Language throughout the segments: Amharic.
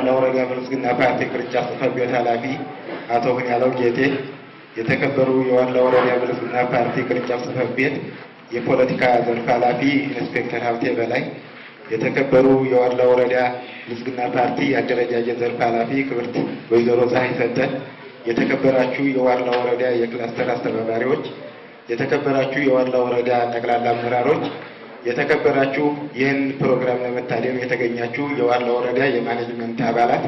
ጠቅላላ ወረዳ ብልጽግና ፓርቲ ቅርንጫፍ ጽሕፈት ቤት ኃላፊ አቶ ያለው ጌቴ፣ የተከበሩ የዋላ ወረዳ ብልጽግና ፓርቲ ቅርንጫፍ ጽሕፈት ቤት የፖለቲካ ዘርፍ ኃላፊ ኢንስፔክተር ሀብቴ በላይ፣ የተከበሩ የዋላ ወረዳ ብልጽግና ፓርቲ አደረጃጀት ዘርፍ ኃላፊ ክብርት ወይዘሮ ፀሐይ ሰጠን፣ የተከበራችሁ የዋላ ወረዳ የክላስተር አስተባባሪዎች፣ የተከበራችሁ የዋላ ወረዳ ጠቅላላ አመራሮች የተከበራችሁ ይህን ፕሮግራም ለመታደም የተገኛችሁ የዋላ ወረዳ የማኔጅመንት አባላት፣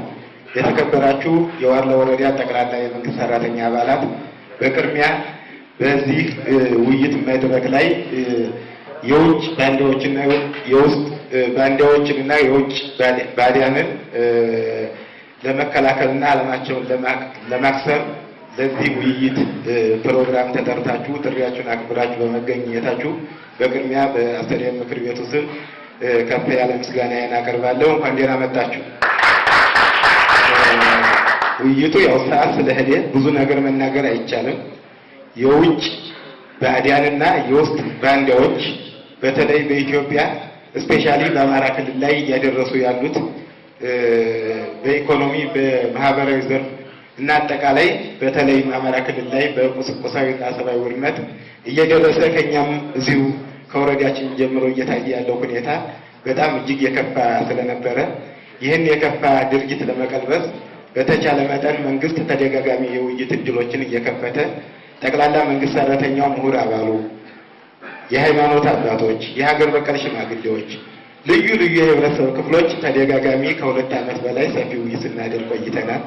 የተከበራችሁ የዋላ ወረዳ ጠቅላላ የመንግስት ሰራተኛ አባላት፣ በቅድሚያ በዚህ ውይይት መድረክ ላይ የውጭ ባንዲያዎችና የውስጥ ባንዲያዎችንና የውጭ ባዲያንን ለመከላከልና ዓላማቸውን ለማክሰር ለዚህ ውይይት ፕሮግራም ተጠርታችሁ ጥሪያችሁን አክብራችሁ በመገኘታችሁ በቅድሚያ በአስተዳደር ምክር ቤቱ ስም ከፍ ያለ ምስጋናዬን አቀርባለሁ። እንኳን ደህና መጣችሁ። ውይይቱ ያው ሰዓት ስለሄደ ብዙ ነገር መናገር አይቻልም። የውጭ ባዕዳንና የውስጥ ባንዳዎች በተለይ በኢትዮጵያ እስፔሻሊ በአማራ ክልል ላይ እያደረሱ ያሉት በኢኮኖሚ በማህበራዊ ዘርፍ እና አጠቃላይ በተለይም አማራ ክልል ላይ በቁሳዊና ሰብአዊ ውድመት እየደረሰ ከኛም እዚሁ ከወረዳችን ጀምሮ እየታየ ያለው ሁኔታ በጣም እጅግ የከፋ ስለነበረ ይህን የከፋ ድርጊት ለመቀልበስ በተቻለ መጠን መንግስት ተደጋጋሚ የውይይት እድሎችን እየከፈተ ጠቅላላ መንግስት ሰራተኛው፣ ምሁር አባሉ፣ የሃይማኖት አባቶች፣ የሀገር በቀል ሽማግሌዎች፣ ልዩ ልዩ የህብረተሰብ ክፍሎች ተደጋጋሚ ከሁለት ዓመት በላይ ሰፊ ውይይት ስናደርግ ቆይተናል።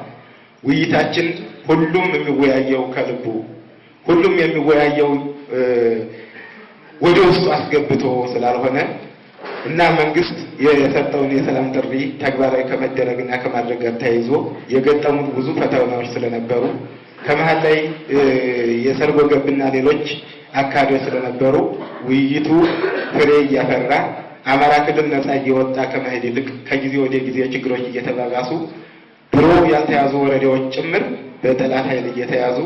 ውይይታችን ሁሉም የሚወያየው ከልቡ ሁሉም የሚወያየው ወደ ውስጡ አስገብቶ ስላልሆነ እና መንግስት የሰጠውን የሰላም ጥሪ ተግባራዊ እና ከማድረግ ጋር ተያይዞ የገጠሙት ብዙ ፈተናዎች ስለነበሩ ከመሀል ላይ የሰርጎ ገብና ሌሎች አካባቢዎች ስለነበሩ ውይይቱ ፍሬ እያፈራ አማራ ክልል ነጻ እየወጣ ከመሄድ ይልቅ ከጊዜ ወደ ጊዜ ችግሮች እየተባባሱ ብሎም ያልተያዙ ወረዳዎች ጭምር በጠላት ኃይል እየተያዙ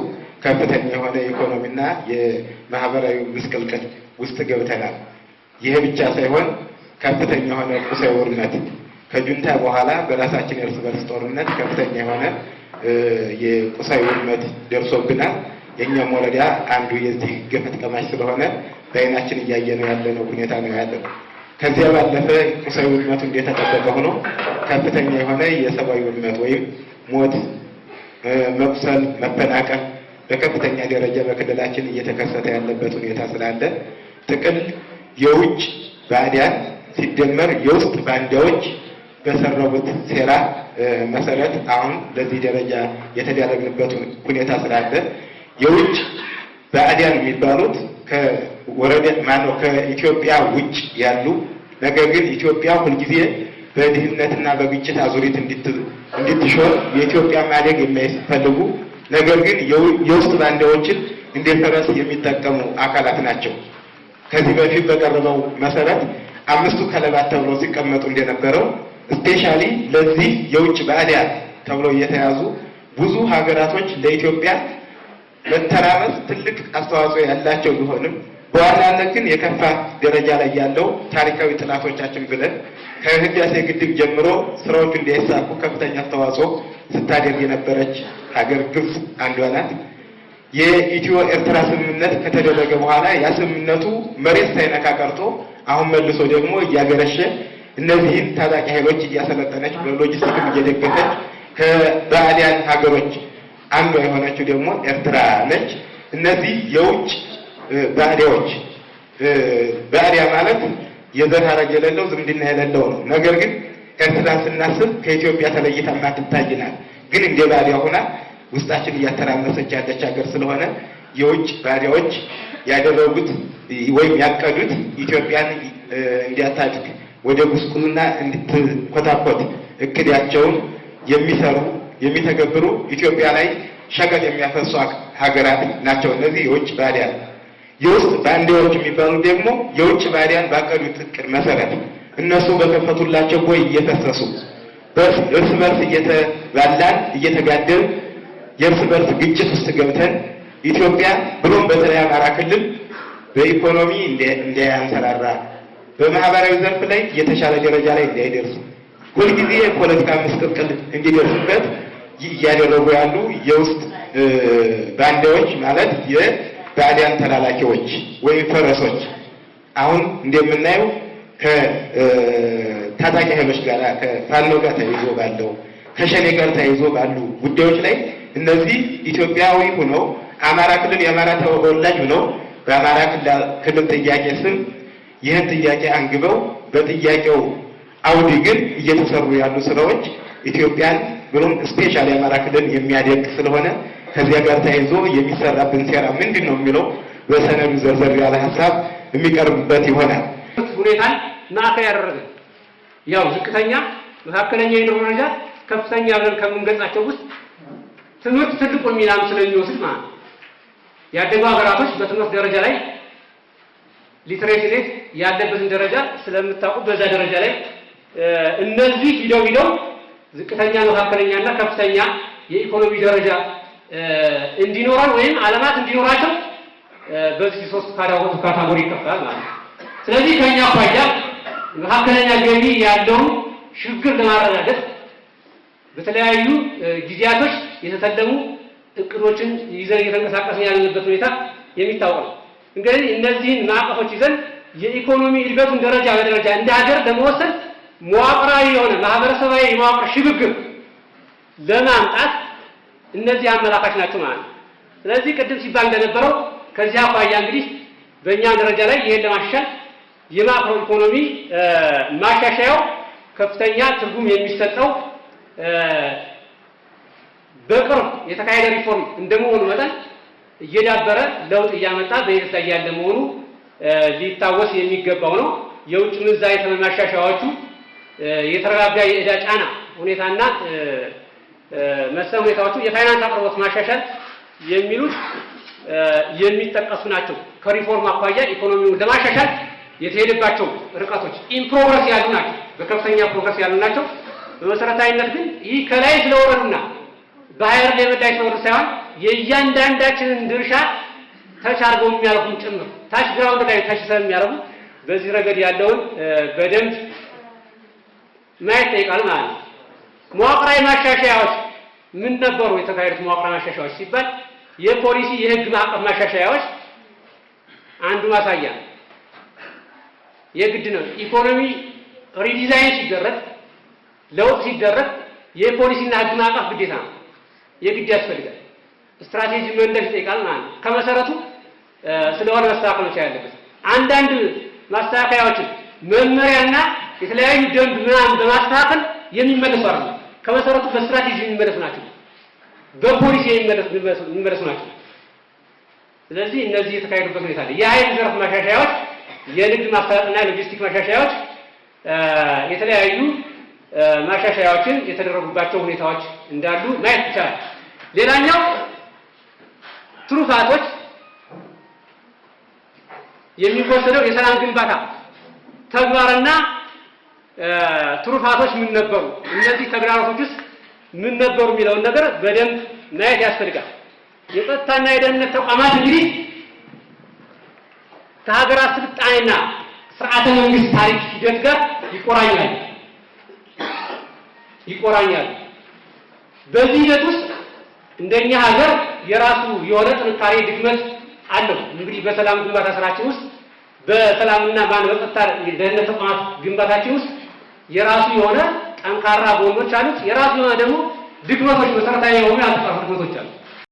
ከፍተኛ የሆነ የኢኮኖሚና የማህበራዊ ምስቅልቅል ውስጥ ገብተናል። ይሄ ብቻ ሳይሆን ከፍተኛ የሆነ ቁሳዊ ውድመት ከጁንታ በኋላ በራሳችን የእርስ በርስ ጦርነት ከፍተኛ የሆነ የቁሳዊ ውድመት ደርሶብናል። የእኛም ወረዳ አንዱ የዚህ ገፈት ቀማሽ ስለሆነ በአይናችን እያየነው ያለነው ሁኔታ ነው ያለው። ከዚያ ባለፈ ቁሳዊ ውድመቱ እንደተጠበቀ ሆኖ ከፍተኛ የሆነ የሰብአዊ ውድመት ወይም ሞት፣ መቁሰል፣ መፈናቀል በከፍተኛ ደረጃ በክልላችን እየተከሰተ ያለበት ሁኔታ ስላለ ጥቅል የውጭ ባዕዳን ሲደመር የውስጥ ባንዳዎች በሰረቡት ሴራ መሰረት አሁን ለዚህ ደረጃ የተዳረግንበት ሁኔታ ስላለ የውጭ ባዕዳን የሚባሉት ወረቤት ማነው ከኢትዮጵያ ውጭ ያሉ ነገር ግን ኢትዮጵያ ሁልጊዜ በድህነትና በግጭት አዙሪት እንድትሾር የኢትዮጵያ ማደግ የማይፈልጉ ነገር ግን የውስጥ ባንዳዎችን እንደ ፈረስ የሚጠቀሙ አካላት ናቸው። ከዚህ በፊት በቀረበው መሰረት አምስቱ ከለባት ተብለው ሲቀመጡ እንደነበረው ስፔሻሊ ለዚህ የውጭ ባዕዳያት ተብሎ እየተያዙ ብዙ ሀገራቶች ለኢትዮጵያ መተራመስ ትልቅ አስተዋጽኦ ያላቸው ቢሆንም በዋናነት ግን የከፋ ደረጃ ላይ ያለው ታሪካዊ ጥናቶቻችን ብለን ከህዳሴ ግድብ ጀምሮ ስራዎቹ እንዳይሳኩ ከፍተኛ አስተዋጽኦ ስታደርግ የነበረች ሀገር ግብፅ አንዷ ናት። የኢትዮ ኤርትራ ስምምነት ከተደረገ በኋላ ያ ስምምነቱ መሬት ሳይነካ ቀርቶ አሁን መልሶ ደግሞ እያገረሸ እነዚህን ታጣቂ ኃይሎች እያሰለጠነች በሎጂስቲክም እየደገፈች ከባዕዳን ሀገሮች አንዷ የሆነችው ደግሞ ኤርትራ ነች። እነዚህ የውጭ ባዕዳዎች ባዕዳ ማለት የዘር ሐረግ የሌለው ዝምድና የሌለው ነው። ነገር ግን ኤርትራ ስናስብ ከኢትዮጵያ ተለይታ ማትታይናል። ግን እንደ ባዕዳ ሆና ውስጣችን እያተራመሰች ያለች ሀገር ስለሆነ የውጭ ባዕዳዎች ያደረጉት ወይም ያቀዱት ኢትዮጵያን እንዲያታድግ ወደ ጉስቁልና እንድትኮታኮት እቅዳቸውን የሚሰሩ የሚተገብሩ ኢትዮጵያ ላይ ሸቀጥ የሚያፈሱ ሀገራት ናቸው። እነዚህ የውጭ ባዕዳ የውስጥ ባንዲያዎች የሚባሉት ደግሞ የውጭ ባዕዳን ባቀዱት እቅድ መሰረት እነሱ በከፈቱላቸው ቦይ እየፈሰሱ እርስ በርስ እየተባላን እየተጋደል የእርስ በርስ ግጭት ውስጥ ገብተን ኢትዮጵያ ብሎም በተለይ አማራ ክልል በኢኮኖሚ እንዳያንሰራራ በማህበራዊ ዘርፍ ላይ የተሻለ ደረጃ ላይ እንዳይደርስ ሁልጊዜ የፖለቲካ ምስቅልቅል እንዲደርስበት እያደረጉ ያሉ የውስጥ ባንዳዎች ማለት ባዕዳን ተላላኪዎች ወይም ፈረሶች አሁን እንደምናየው ከታጣቂ ኃይሎች ጋር ከፋኖ ጋር ተይዞ ባለው ከሸኔ ጋር ተይዞ ባሉ ጉዳዮች ላይ እነዚህ ኢትዮጵያዊ ሆነው አማራ ክልል የአማራ ተወላጅ ሆነው በአማራ ክልል ጥያቄ ስም ይህን ጥያቄ አንግበው በጥያቄው አውዲ ግን እየተሰሩ ያሉ ስራዎች ኢትዮጵያን ብሎም ስፔሻል የአማራ ክልል የሚያደርግ ስለሆነ ከዚያ ጋር ተያይዞ የሚሰራብን ሴራ ምንድን ነው የሚለው በሰነዱ ዘርዘር ያለ ሀሳብ የሚቀርብበት ይሆናል። ሁኔታን ማዕከል ያደረገ ያው ዝቅተኛ፣ መካከለኛ የኑሮ ደረጃ፣ ከፍተኛ ብለን ከምንገልጻቸው ውስጥ ትምህርት ትልቁ ሚናም ስለሚወስድ ማለት ነው። ያደጉ ሀገራቶች በትምህርት ደረጃ ላይ ሊትሬሲ ሬት ያለበትን ደረጃ ስለምታውቁ በዛ ደረጃ ላይ እነዚህ ሂደው ሂደው ዝቅተኛ መካከለኛና ከፍተኛ የኢኮኖሚ ደረጃ እንዲኖረን ወይም ዓለማት እንዲኖራቸው በዚህ ሶስት ካዳውቱ ካታጎሪ ይከፈላል ማለት ነው። ስለዚህ ከኛ አኳያ መካከለኛ ገቢ ያለውን ሽግግር ለማረጋገጥ በተለያዩ ጊዜያቶች የተሰለሙ እቅዶችን ይዘን እየተንቀሳቀስን ያለንበት ሁኔታ የሚታወቅ ነው። እንግዲህ እነዚህን ማዕቀፎች ይዘን የኢኮኖሚ እድገቱን ደረጃ በደረጃ እንደ ሀገር ለመወሰን መዋቅራዊ የሆነ ማህበረሰባዊ የመዋቅር ሽግግር ለማምጣት እነዚህ አመላካች ናቸው ማለት ነው። ስለዚህ ቅድም ሲባል እንደነበረው ከዚህ አኳያ እንግዲህ በእኛ ደረጃ ላይ ይሄን ለማሻሻል የማክሮ ኢኮኖሚ ማሻሻያው ከፍተኛ ትርጉም የሚሰጠው በቅርብ የተካሄደ ሪፎርም እንደመሆኑ መጠን እየዳበረ ለውጥ እያመጣ በሂደት ላይ ያለ መሆኑ ሊታወስ የሚገባው ነው። የውጭ ምንዛሬ ተመን ማሻሻያዎቹ የተረጋጋ የእዳ ጫና ሁኔታና መሰል ሁኔታዎቹ የፋይናንስ አቅርቦት ማሻሻል የሚሉት የሚጠቀሱ ናቸው። ከሪፎርም አኳያ ኢኮኖሚውን ለማሻሻል የተሄደባቸው ርቀቶች ኢን ፕሮግረስ ያሉ ናቸው፣ በከፍተኛ ፕሮግረስ ያሉ ናቸው። በመሰረታዊነት ግን ይህ ከላይ ስለወረዱና በሀይር ሌቭል ስለወረዱ ሳይሆን የእያንዳንዳችንን ድርሻ ተች አድርገው የሚያልፉም ጭምር ታች ግራውንድ ላይ ታች የሚያረጉ በዚህ ረገድ ያለውን በደንብ ማየት ጠይቃል ማለት ነው። መዋቅራዊ ማሻሻያዎች ምን ነበሩ? የተካሄዱት መዋቅራዊ ማሻሻያዎች ሲባል የፖሊሲ የህግ ማዕቀፍ ማሻሻያዎች አንዱ ማሳያ ነው። የግድ ነው። ኢኮኖሚ ሪዲዛይን ሲደረግ ለውጥ ሲደረግ የፖሊሲና ህግ ማዕቀፍ ግዴታ ነው፣ የግድ ያስፈልጋል። ስትራቴጂ መንደፍ ይጠይቃል ማለት ነው። ከመሰረቱ ስለሆነ መስተካከል መቻል ያለበት አንዳንድ ማስተካከያዎችን መመሪያና የተለያዩ ደንብ ምናምን በማስተካከል የሚመለሱ አይደለም። ከመሰረቱ በስትራቴጂ የሚመለሱ ናቸው፣ በፖሊሲ የሚመለሱ ናቸው። ስለዚህ እነዚህ የተካሄዱበት ሁኔታ አለ። የኃይል ዘርፍ ማሻሻያዎች፣ የንግድ ማስታጠቅና ሎጂስቲክ ማሻሻያዎች፣ የተለያዩ ማሻሻያዎችን የተደረጉባቸው ሁኔታዎች እንዳሉ ማየት ይቻላል። ሌላኛው ትሩፋቶች የሚወሰደው የሰላም ግንባታ ተግባርና ትሩፋቶች ምን ነበሩ፣ እነዚህ ተግዳሮቶች ውስጥ ምን ነበሩ የሚለውን ነገር በደንብ ማየት ያስፈልጋል። የጸጥታና የደህንነት ተቋማት እንግዲህ ከሀገራት ስልጣኔና ስርዓተ መንግስት ታሪክ ሂደት ጋር ይቆራኛል ይቆራኛል። በዚህ ሂደት ውስጥ እንደኛ ሀገር የራሱ የሆነ ጥንካሬ ድክመት አለው። እንግዲህ በሰላም ግንባታ ስራችን ውስጥ በሰላምና በአንድ በጸጥታ ደህንነት ተቋማት ግንባታችን ውስጥ የራሱ የሆነ ጠንካራ ጎኖች አሉት። የራሱ የሆነ ደግሞ ድክመቶች፣ መሰረታዊ የሆኑ ያልተጻፉ ድክመቶች አሉት።